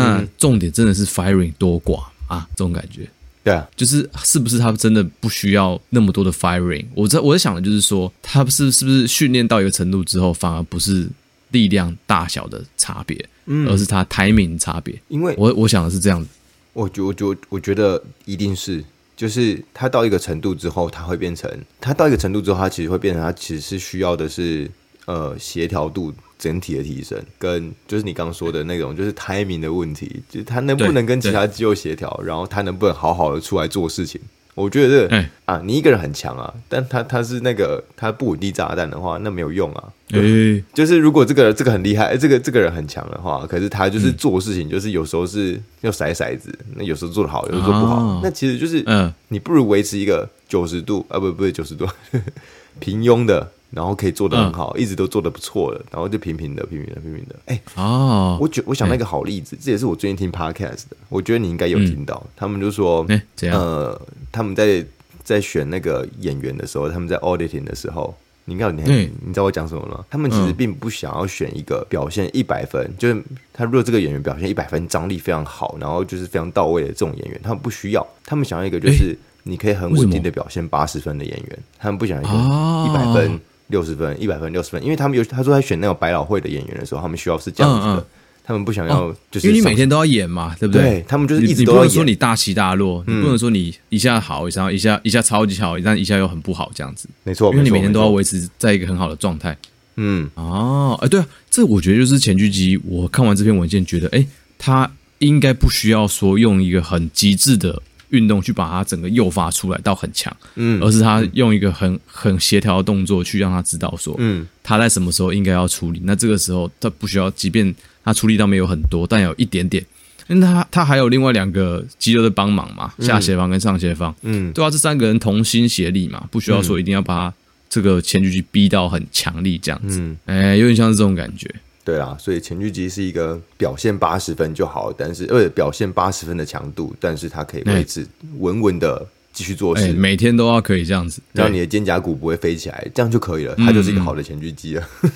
那重點真的是 firing 多寡啊，這種感覺。對啊，就是是不是他真的不需要那麼多的 firing？我在我在想的就是說，他不是是不是訓練到一個程度之後，反而不是力量大小的差別、嗯，而是他 timing 差別。因為我我想的是這樣子，我覺我覺我覺得一定是。就是他到一個程度之後，他會變成他到一個程度之後，他其實會變成他其實是需要的是呃協調度整體的提升，跟就是你剛說的那種就是 timing 的問題，就是他能不能跟其他肌肉協調，然後他能不能好好的出來做事情。我覺得是、這個，欸、啊，你一個人很強啊，但他他是那個他不穩定炸彈的話，那沒有用啊。對、欸。就是如果這個這個很厲害，欸、這個這個人很強的話，可是他就是做事情，就是有時候是要甩骰、骰子，嗯、那有時候做的好，有時候做不好，哦、那其實就是，嗯，你不如維持一個九十度啊，不不是九十度 平庸的。然後可以做得很好，嗯，一直都做得不錯的。然後就平平的、平平的、平平的。哎、欸，哦、啊，我覺得我想到一個好例子，欸，這也是我最近聽 podcast 的，我覺得你應該有聽到，嗯。他們就說，欸、呃，他們在在選那個演員的時候，他們在 auditing 的時候，你看你，欸，你知道我講什麼嗎、嗯？他們其實並不想要選一個表現一百分，就是他如果這個演員表現一百分，張力非常好，然後就是非常到位的這種演員，他們不需要。他們想要一個就是你可以很穩定的表現八十分的演員，欸，他們不想要一百分。啊嗯六十分，一百分，六十分，因為他們有他說他選那種百老匯的演員的時候，他們需要是這樣子的，uh, uh. 他們不想要就是、哦，因為你每天都要演嘛，對不對？對，他們就是一直都要演，你不能說你大起大落，嗯、你不能說你一下好一下，一下一下超級好，但一下又很不好這樣子，沒錯，因為你每天都要維持在一個很好的狀態。嗯，啊，對啊，這我覺得就是前鋸肌，我看完這篇文獻覺得，哎、欸，他應該不需要說用一個很極致的。運動去把它整個誘發出來到很強，嗯，而是他用一個很很協調的動作去讓他知道說，他在什麼時候應該要出力，嗯。那這個時候他不需要，即便他出力到沒有很多，但也有一點點，因為他他還有另外兩個肌肉的幫忙嘛，嗯，下斜方跟上斜方，嗯，對啊，這三個人同心協力嘛，不需要說一定要把他這個前鋸去逼到很強力這樣子，哎，嗯，欸，有點像是這種感覺。對啦，所以前鋸肌是一個表現八十分就好，但是呃，表現八十分的強度，但是它可以維持穩穩、欸、的繼續做事、欸，每天都要可以這樣子，讓你的肩胛骨不會飛起來，這樣就可以了，嗯、它就是一個好的前鋸肌了。嗯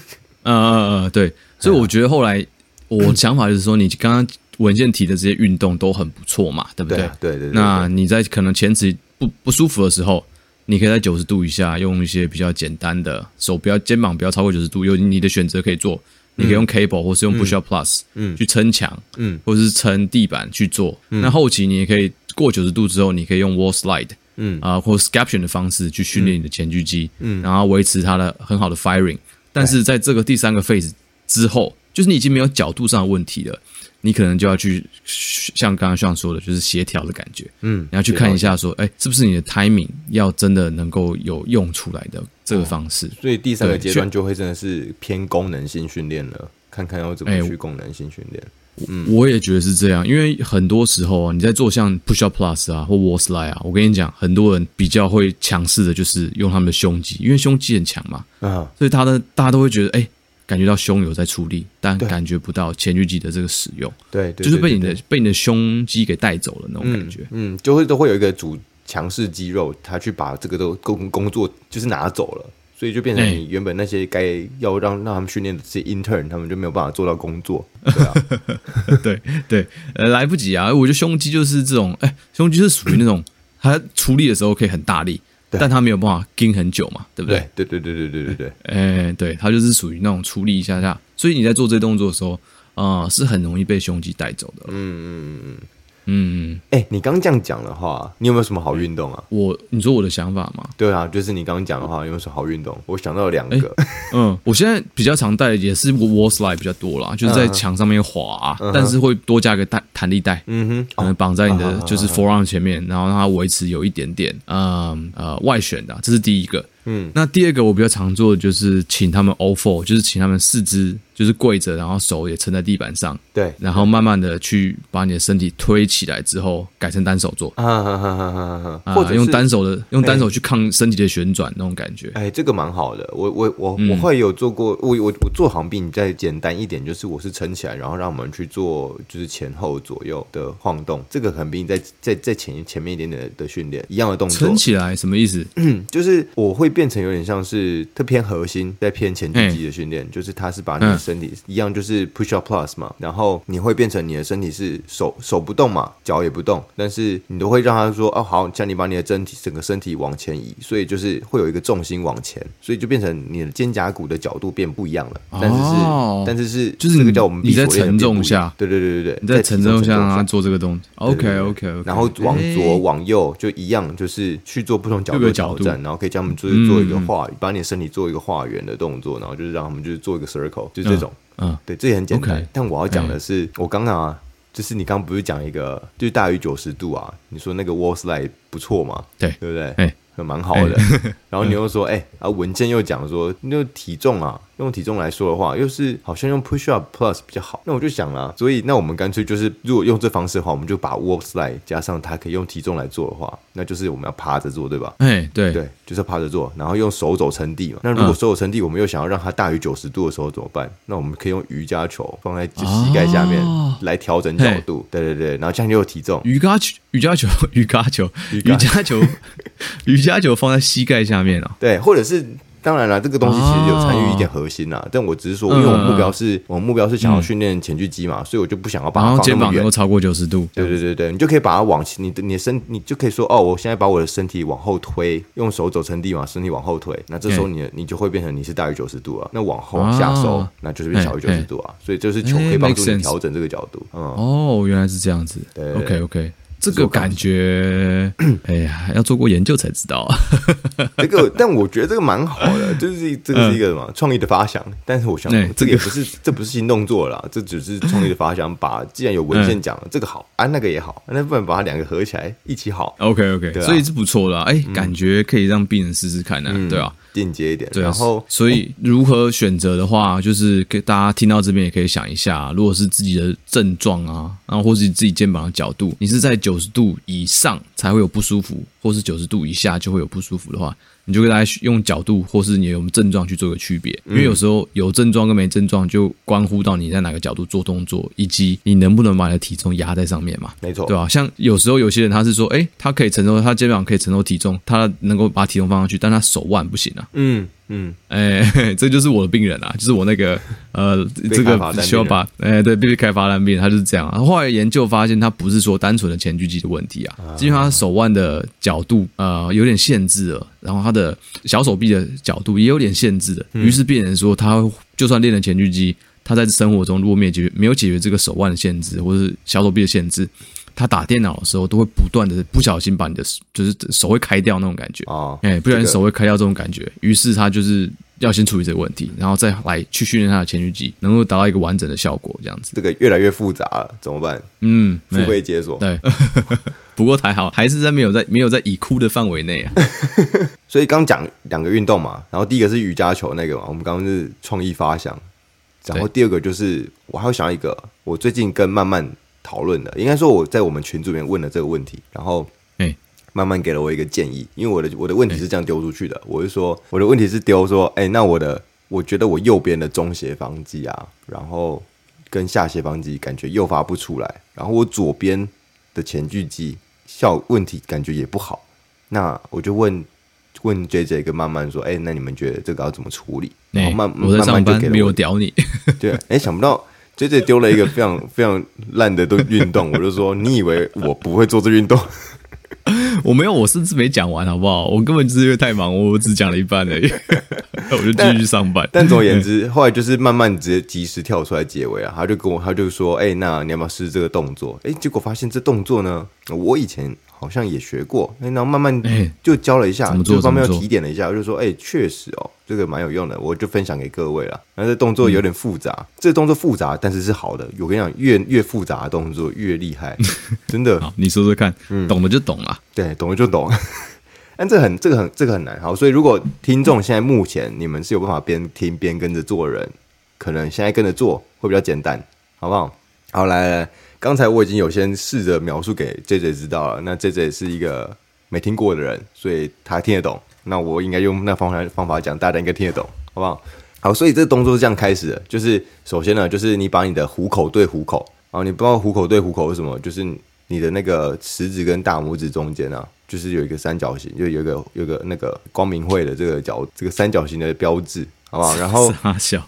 嗯嗯、 呃，對，所以我覺得後來、嗯、我想法就是說，你剛剛文獻，提的這些運動都很不錯嘛，對不對？對對，對對。那你在可能前直不不舒服的時候，你可以在九十度以下用一些比較簡單的手，不要肩膀不要超過九十度，有你的選擇可以做。嗯你可以用 cable 或是用 push up plus、嗯嗯嗯、去撐牆，或者是撐地板去做。那、嗯、後期你也可以過九十度之後，你可以用 wall slide，啊、嗯呃，或 scaption 的方式去訓練你的前鋸肌、嗯嗯，然後維持它的很好的 firing。但是在這個第三個 phase 之後、哎，就是你已經沒有角度上的問題了。你可能就要去像剛剛 Sean 說的，就是協調的感覺，嗯，你要去看一下說，哎、欸，是不是你的 timing 要真的能夠有用出來的這個方式？嗯、所以第三個階段就會真的是偏功能性訓練了，看看要怎麼去功能性訓練、欸。嗯，我也覺得是這樣，因為很多時候啊，你在做像 push up plus 啊或 wall slide 啊，我跟你講，很多人比較會強勢的就是用他們的胸肌，因為胸肌很強嘛，啊，所以他的大家都會覺得，哎、欸。感覺到胸有在出力，但感覺不到前鋸肌的這個使用，對，對，就是被你的被你的胸肌給帶走了那種感覺，嗯，嗯，就會都會有一個主強勢肌肉，他去把這個都工工作就是拿走了，所以就變成你原本那些該要讓讓他們訓練的這些 intern，他們就沒有辦法做到工作，對、啊、 對，呃，來不及啊！我覺得胸肌就是這種，哎、欸，胸肌是屬於那種它出力的時候可以很大力。但他沒有辦法盯很久嘛，對不對？對對對對對對對。哎，對，他就是屬於那種出力一下下，所以你在做這動作的時候，啊，是很容易被胸肌帶走的。嗯嗯嗯。嗯，嗯，哎，你剛這樣講的話，你有沒有什麼好運動啊？我，你說我的想法嗎？對啊，就是你剛講的話，有沒有什麼好運動？我想到了兩個。欸。 嗯，我現在比較常帶也是 wall slide 比較多啦，就是在牆上面滑，嗯，但是會多加個彈彈力帶，嗯哼，可能綁在你的就是 forearm 前面，然後讓它維持有一點點，嗯，嗯呃外旋的，啊，這是第一個。嗯，那第二個我比較常做的就是請他們 all four，就是請他們四肢。就是跪着，然後手也撐在地板上，對，然後慢慢的去把你的身體推起來，之後改成單手做，啊啊啊啊啊啊，或者用單手的、哎、用單手去抗身體的旋轉那種感覺，哎，這個蠻好的，我我我、嗯、我會有做過，我我我做橫臂再簡單一點，就是我是撐起來，然後讓我們去做就是前後左右的晃動，這個可能比你在在在，在前前面一點點的訓練一樣的動作，撐起來什麼意思？嗯？就是我會變成有點像是特偏核心在偏前鋸肌的訓練、哎，就是他是把你、嗯。身體一樣就是 push up plus 嘛，然後你會變成你的身體是手手不動嘛，腳也不動，但是你都會讓他說哦好，像你把你的身體整個身體往前移，所以就是會有一個重心往前，所以就變成你的肩胛骨的角度變不一樣了。哦、但是是但是是就是那、這個叫我們比較沉重下一，對對對對對，你在沉重下讓他做這個動，OK 作。對對對作對對對 okay, okay, OK，然後往左往右就一樣，就是去做不同角度的挑戰、嗯嗯，然後可以叫我們就是做一個畫、嗯，把你的身體做一個畫圓的動作，然後就是讓他們就是做一個 circle，就是。這、嗯、種，嗯，對，這也很簡單。Okay, 但我要講的是，欸、我剛剛啊，就是你剛剛不是講一個，就是大於九十度啊，你說那個 Wall Slide 不錯嘛，對，對不對？蠻、欸、好的、欸。然後你又說，哎、欸欸，啊，文件又講說，那個體重啊。用體重來說的話，又是好像用 push up plus 比較好。那我就想啊，所以那我們乾脆就是，如果用這方式的話，我們就把 wall slide 加上它可以用體重來做的話，那就是我們要趴着做，對吧？哎、欸，對對，就是趴着做，然後用手肘撐地嘛。那如果手肘撐地、嗯，我們又想要讓它大於九十度的時候怎麼辦？那我們可以用瑜伽球放在膝蓋下面來調整角度、啊。對對對，然後這樣就有體重。瑜伽球，瑜伽球，瑜伽球，瑜伽球，瑜伽球放在膝蓋下面了、哦。對，或者是。當然了，這個東西其實有參與一點核心啦、啊。但我只是說，因為我目標是、嗯啊、我目標是想要訓練前鋸肌嘛、嗯，所以我就不想要把它肩膀超過九十度。對對對對，你就可以把它往你的你的身，你就可以說哦，我現在把我的身體往後推，用手肘撐地嘛，身體往後推，那這時候你你就會變成你是大於九十度啊，那往後下手，啊、那就是變小於九十度啊，所以就是球可以幫助你調整這個角度。嘿嘿嗯，哦，原來是這樣子。對，OK OK。這個感覺，哎呀，要做過研究才知道啊。這個，但我覺得這個蠻好的， 就是這個是一個什麼、嗯、創意的發想。但是我想、欸，這個也不是 這不是新動作啦，這只是創意的發想。把既然有文獻講了，嗯、這個好，啊那個也好，那不然把它兩個合起來一起好。OK OK，對、啊、所以是不錯的、啊。哎，嗯、感覺可以讓病人試試看呢、啊，嗯、對吧、啊？定捷一點對，然後，所以如何選擇的話，嗯、就是給大家聽到這邊也可以想一下，如果是自己的症狀啊，然後或是自己肩膀的角度，你是在九十度以上才會有不舒服。或是九十度以下就會有不舒服的話，你就跟大家用角度，或是你有，有症狀去做個區別，因為有時候有症狀跟沒症狀就關乎到你在哪個角度做動作，以及你能不能把你的體重壓在上面嘛。沒錯，對吧？啊？像有時候有些人他是說，哎、欸，他可以承受，他肩膀可以承受體重，他能夠把體重放上去，但他手腕不行啊。嗯。嗯，哎、欸，這就是我的病人啊，就是我那個呃，這個需要把，哎、欸，對，必須開發單病人，他就是這樣。啊。後來研究發現，他不是說單純的前鋸肌的問題啊，啊，因為他手腕的角度呃有點限制了，然後他的小手臂的角度也有點限制了。於是病人說，他就算練了前鋸肌、嗯，他在生活中如果沒有解決沒有解決這個手腕的限制，或是小手臂的限制。他打電腦的時候都會不斷的不小心把你的就是手會開掉那種感覺啊、哦欸，不小心手會開掉這種感覺，於、這個、是他就是要先處理這個問題，然後再來去訓練他的前鋸肌，能夠達到一個完整的效果，這樣子。這個越來越複雜了，怎麼辦？嗯，付費解鎖。對，對 不過還好，還是在沒有在沒有在已哭的範圍內啊。所以剛講兩個運動嘛，然後第一個是瑜伽球那個嘛，我們剛剛是創意發想，然後第二個就是我還要想一個，我最近跟慢慢。討論的，應該說我在我們群組裡面問了這個問題，然後，哎，曼曼給了我一個建議。欸、因為我的我的問題是這樣丟出去的，欸、我就說我的問題是丟說，哎、欸，那我的我覺得我右邊的中斜方肌啊，然後跟下斜方肌感覺誘發不出來，然後我左邊的前鋸肌效問題感覺也不好，那我就問問 J J 跟曼曼說，哎、欸，那你們覺得這個要怎麼處理？欸、然後慢我在上班沒有屌你， 對，哎、欸，想不到。 直接丟了一個非常非常爛的都運動， 我就說你以為我不會做這運動？我沒有，我甚至沒講完，好不好？我根本就是因為太忙，我只講了一半而已。 」那我就繼續上班。但、但總而言之，後來就是慢慢直接及時跳出來結尾啊。 他就跟我，他就說：“哎、欸，那你要不要試這個動作？”哎、欸，結果發現這動作呢，我以前。好像也學過，那、欸、慢慢就教了一下，欸、就方面又提點了一下，我就說：“哎、欸，確實哦、喔，這個蠻有用的，我就分享給各位了。”那這動作有點複雜，嗯、這個、動作複雜，但是是好的。我跟你講，越越複雜的動作越厲害， 真的，好，你說說看，嗯、懂了就懂了、啊，對，懂了就懂。 但這個很，這個很，這個很難。好，所以如果聽眾現在目前你們是有辦法邊聽邊跟着做的人，可能現在跟着做會比較簡單，好不好？好，來，來，來。剛才我已經有先試着描述給 JJ 知道了，那 JJ 是一個沒聽過的人，所以他聽得懂。那我應該用那方法方法講，大家應該聽得懂，好不好？好，所以這個動作是這樣開始的，就是首先呢，就是你把你的虎口對虎口啊，你不知道虎口對虎口是什麼，就是你的那個食指跟大拇指中間啊，就是有一個三角形，就有一個有一個那個光明會的這個角，這個三角形的標誌，好不好？然後傻笑，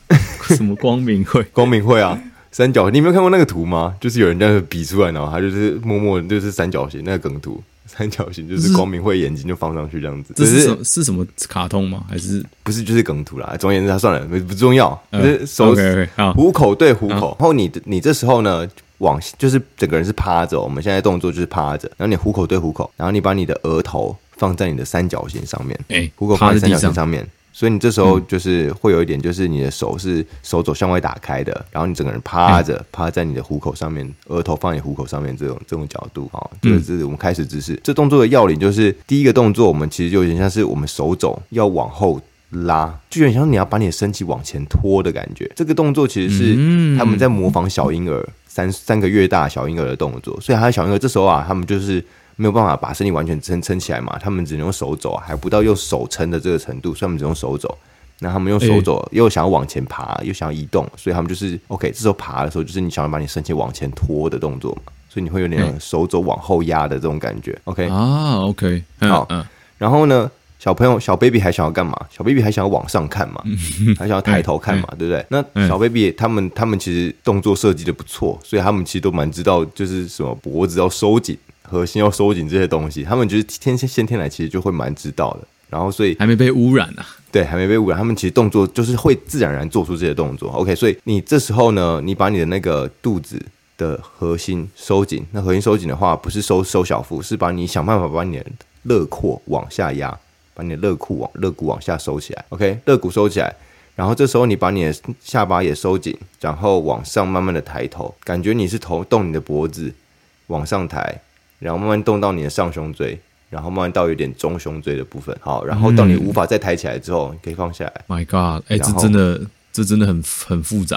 什麼光明會？ 光明會啊。三角形，你沒有看過那個圖嗎？就是有人這樣比出來，然後他就是默默就是三角形那個梗圖，三角形就是光明會，眼睛就放上去這樣子。這是是什麼卡通嗎？還是不是就是梗圖啦？總而言之，他算了，不不重要、呃。就是手、呃 okay, okay, 啊，虎口對虎口，啊、然後你你這時候呢，往就是整個人是趴着，我們現在動作就是趴着，然後你虎口對虎口，然後你把你的額頭放在你的三角形上面，哎、欸，虎口放在三角形上面。所以你這時候就是會有一點，就是你的手是手肘向外打開的，然後你整個人趴着，趴在你的虎口上面，額頭放在你的虎口上面，這種這種角度啊，這、就是我們開始姿勢、嗯。這動作的要領就是，第一個動作我們其實就有點像是我們手肘要往後拉，就有點像你要把你的身體往前拖的感覺。這個動作其實是他們在模仿小嬰兒、嗯、三三個月大小嬰兒的動作，所以還有小嬰兒這時候啊，他們就是。沒有辦法把身體完全撐撐起來嘛？他們只能用手肘還不到用手撐的這個程度，所以他們只用手肘。那他們用手肘又想要往前爬、欸，又想要移動，所以他們就是 OK。這時候爬的時候，就是你想要把你身體往前拖的動作嘛，所以你會有點那種手肘往後壓的這種感覺。嗯、OK 啊，OK 好啊。然後呢，小朋友小 baby 還想要幹嘛？小 baby 還想要往上看嘛？嗯、還想要抬頭看嘛？嗯、對不對、嗯？那小 baby 他們他們其實動作設計的不錯，所以他們其實都蠻知道就是什麼脖子要收緊。核心要收緊這些東西，他們就是天先先天來，其實就會蠻知道的。然後，所以還沒被污染呢、啊，對，還沒被污染。他們其實動作就是會自然而然做出這些動作。OK，所以你這時候呢，你把你的那個肚子的核心收緊。那核心收緊的話，不是收收小腹，是把你想辦法把你的肋廓往下壓，把你的肋骨往肋骨往下收起來。OK，肋骨收起來，然後這時候你把你的下巴也收緊，然後往上慢慢的抬頭，感覺你是頭動你的脖子往上抬。然後慢慢動到你的上胸椎，然後慢慢到有點中胸椎的部分，好，然後到你無法再抬起來之後，嗯、你可以放下來。My God，哎、欸，這真的，這真的很很複雜。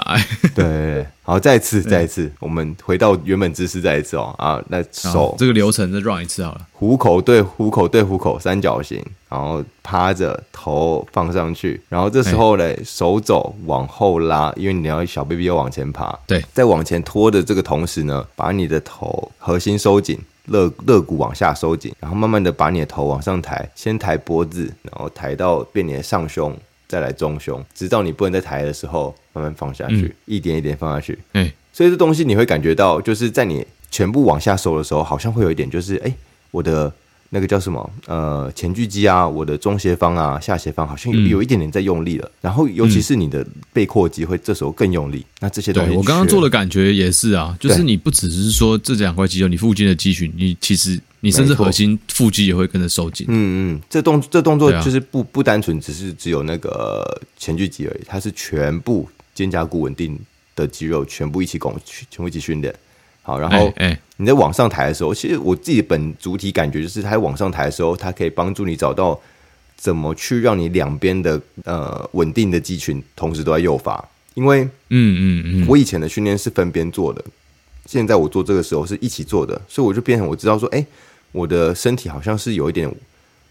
對，好，再次、欸，再一次，我們回到原本姿勢再一次哦啊，那手這個流程再 run 一次好了。虎口對虎口對虎口三角形，然後趴着頭放上去，然後這時候嘞、欸，手肘往後拉，因為你要小 baby 要往前爬。對，在往前拖的這個同時呢，把你的頭核心收緊。肋肋骨往下收緊，然後慢慢的把你的頭往上抬，先抬脖子，然後抬到變你的上胸，再來中胸，直到你不能再抬的時候，慢慢放下去，嗯，一點一點放下去。嗯，所以這東西你會感覺到，就是在你全部往下收的時候，好像會有一點，就是哎，我的。那個叫什麼？呃，前鋸肌啊，我的中斜方啊，下斜方好像有、嗯、有一點點在用力了。然後，尤其是你的背闊肌會這時候更用力。嗯、那這些東西，我剛剛做的感覺也是啊，就是你不只是說這兩塊肌肉，你附近的肌群，你其實你甚至核心腹肌也會跟着收緊。嗯嗯、嗯，這動這動作就是不不單純只是只有那個前鋸肌而已，它是全部肩胛骨穩定的肌肉全部一起拱，全部一起訓練。全部好，然後你在往上抬的時候，哎、其實我自己本主體感覺就是它往上抬的時候，它可以幫助你找到怎麼去讓你兩邊的呃穩定的肌群同時都在誘發。因為嗯嗯嗯，我以前的訓練是分邊做的，現在我做這個時候是一起做的，所以我就變成我知道說，哎，我的身體好像是有一點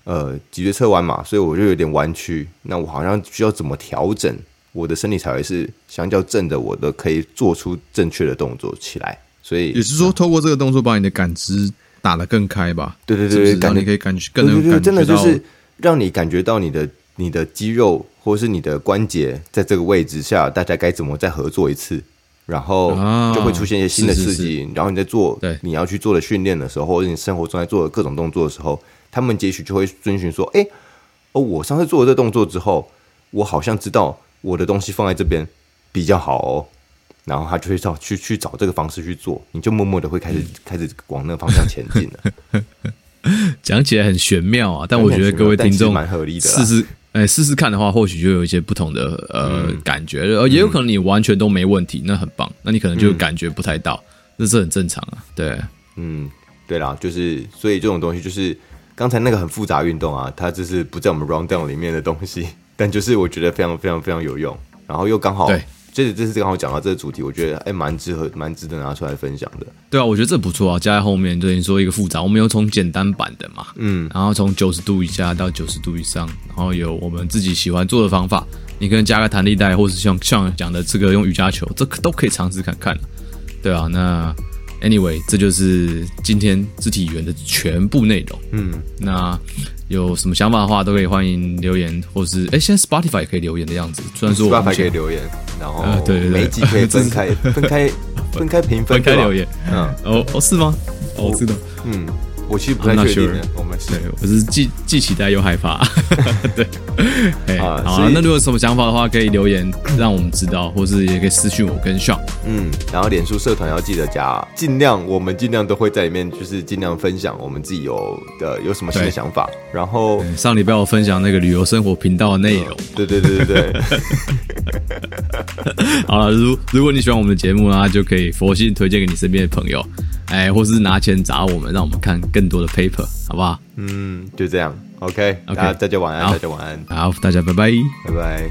呃脊椎側彎嘛，所以我就有點彎曲。那我好像需要怎麼調整我的身體才會是相較正的，我的可以做出正確的動作起來。所以也是說，透過這個動作，把你的感知打得更開吧？嗯、對對對，是是感覺你可以更能感覺，更對對對，真的就是讓你感覺到你的你的肌肉或者是你的關節在這個位置下，大家該怎麼再合作一次，然後就會出現一些新的刺激。哦、是是是，然後你在做對你要去做的訓練的時候，或者你生活中在做的各種動作的時候，他們也許就會遵循說：“哎，哦，我上次做了這動作之後，我好像知道我的東西放在這邊比較好。”哦。然後他就會找去去找這個方式去做，你就默默的會開始、嗯、開始往那個方向前進了。講 起來很玄妙啊，但我覺得各位聽眾蠻合理的試試，哎試試看的話，或許就有一些不同的呃、嗯、感覺呃，也有可能你完全都沒問題，那很棒。嗯、那你可能就感覺不太到、嗯，那是很正常啊。對，嗯，對啦，就是所以這種東西就是剛才那個很複雜運動啊，它就是不在我們 round down 裡面的東西，但就是我覺得非常非常非常有用，然後又剛好這這是剛好講到這個主題，我覺得哎，蠻適合、蠻值得拿出來分享的。對啊，我覺得這不錯啊，加在後面。對，你說一個複雜，我們有從簡單版的嘛，嗯，然後從九十度以下到九十度以上，然後有我們自己喜歡做的方法，你可以加個彈力帶，或是像像講的這個用瑜伽球，這個都可以嘗試看看。對啊，那。Anyway，這就是今天知體語言的全部內容。嗯，那有什麼想法的話，都可以歡迎留言，或是誒，現在 Spotify 也可以留言的樣子。雖然說我們、嗯、Spotify 可以留言，然後、啊、對對對，每集可以分開分開分開評分，分開留言。嗯，哦哦，是嗎？哦、oh, oh,，oh, 知道。嗯。.我其實不太確定，我、oh, 們、sure. oh、對，我是既既期待又害怕。 對， 對 uh, 好、啊、那如果有什麼想法的話，可以留言讓我們知道，或是也可以私信我跟 Sean。嗯，然後臉書社團要記得加，盡量我們盡量都會在裡面，就是盡量分享我們自己有的，有什麼新的想法。然後、嗯、上禮拜我分享那個旅遊生活頻道的內容，對、呃、對對對對。 好了，如如果你喜歡我們的節目呢，就可以佛心推薦給你身邊的朋友，哎，或是拿錢砸我們，讓我們看更多的 paper，好不好？嗯，就這樣。OK，OK，okay, okay, 大家晚安，大家晚安，好，大家拜拜，拜拜。